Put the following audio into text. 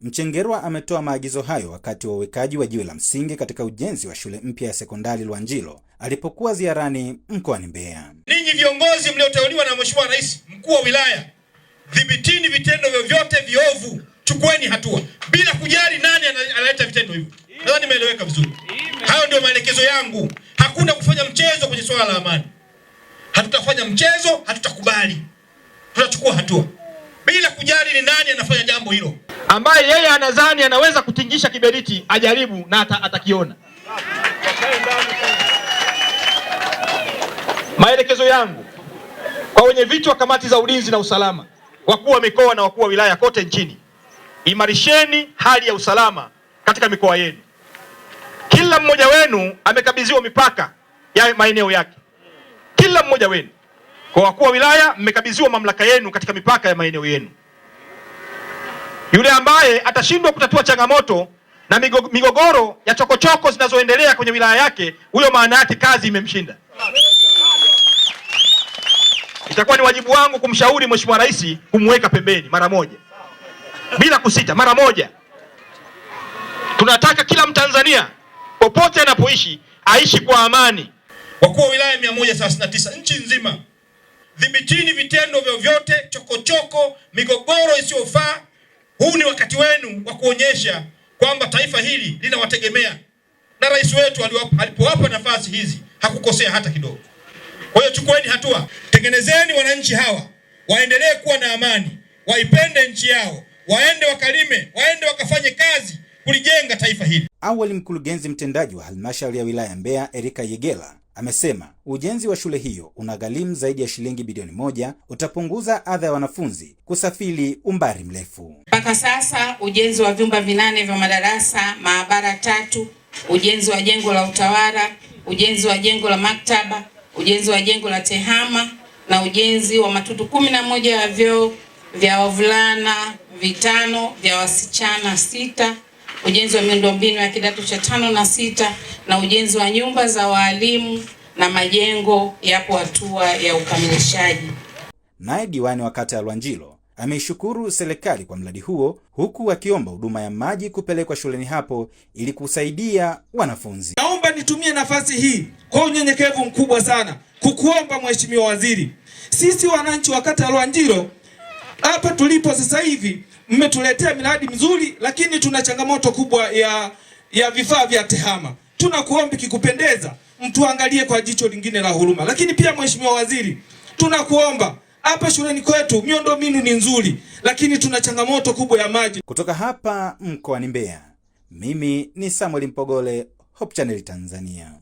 Mchengerwa ametoa maagizo hayo wakati wa uwekaji wa jiwe la msingi katika ujenzi wa shule mpya ya sekondari Lwanjilo alipokuwa ziarani mkoani Mbeya. Ninyi viongozi mlioteuliwa na Mheshimiwa Rais, mkuu wa wilaya, dhibitini vitendo vyovyote viovu, chukueni hatua bila kujali nani analeta vitendo hivyo. Nadhani nimeeleweka vizuri. Hayo ndio maelekezo yangu. Hakuna kufanya mchezo kwenye swala la amani. Hatutafanya mchezo, hatutakubali. tutachukua hatua bila kujali ni nani anafanya jambo hilo ambaye yeye anadhani anaweza kutingisha kiberiti ajaribu na ata, atakiona. Maelekezo yangu kwa wenye wenyeviti wa kamati za ulinzi na usalama, wakuu wa mikoa na wakuu wa wilaya kote nchini, imarisheni hali ya usalama katika mikoa yenu. Kila mmoja wenu amekabidhiwa mipaka ya maeneo yake, kila mmoja wenu. Kwa wakuu wa wilaya, mmekabidhiwa mamlaka yenu katika mipaka ya maeneo yenu. Yule ambaye atashindwa kutatua changamoto na migogoro ya chokochoko zinazoendelea kwenye wilaya yake, huyo maana yake kazi imemshinda. Itakuwa ni wajibu wangu kumshauri Mheshimiwa Rais kumweka pembeni mara moja, bila kusita, mara moja. Tunataka kila Mtanzania popote anapoishi aishi kwa amani. Wakuu wa wilaya tisa nchi nzima, dhibitini vitendo vyovyote chokochoko, migogoro isiyofaa huu ni wakati wenu wa kuonyesha kwamba taifa hili linawategemea, na rais wetu alipowapa nafasi hizi hakukosea hata kidogo. Kwa hiyo chukueni hatua, tengenezeni wananchi hawa waendelee kuwa na amani, waipende nchi yao, waende wakalime, waende wakafanye kazi kulijenga taifa hili. Awali mkurugenzi mtendaji wa halmashauri ya wilaya ya Mbeya Erika Yegela Amesema ujenzi wa shule hiyo unagharimu zaidi ya shilingi bilioni moja, utapunguza adha ya wanafunzi kusafiri umbali mrefu. Mpaka sasa ujenzi wa vyumba vinane vya madarasa, maabara tatu, ujenzi wa jengo la utawala, ujenzi wa jengo la maktaba, ujenzi wa jengo la tehama na ujenzi wa matutu kumi na moja ya vyoo vya wavulana vitano, vya wasichana sita, ujenzi wa miundombinu ya kidato cha tano na sita na ujenzi wa nyumba za waalimu na majengo yapo hatua ya ukamilishaji. Naye diwani wa kata ya Lwanjilo ameishukuru serikali kwa mradi huo huku akiomba huduma ya maji kupelekwa shuleni hapo ili kusaidia wanafunzi. Naomba nitumie nafasi hii kwa unyenyekevu mkubwa sana kukuomba Mheshimiwa Waziri, sisi wananchi wa kata ya Lwanjilo hapa tulipo sasa hivi mmetuletea miradi mizuri, lakini tuna changamoto kubwa ya, ya vifaa vya TEHAMA tunakuomba kikupendeza, mtuangalie kwa jicho lingine la huruma. Lakini pia Mheshimiwa Waziri, tunakuomba hapa shuleni kwetu miundombinu ni nzuri, lakini tuna changamoto kubwa ya maji. Kutoka hapa mkoani Mbeya, mimi ni Samuel Mpogole, Hope Channel Tanzania.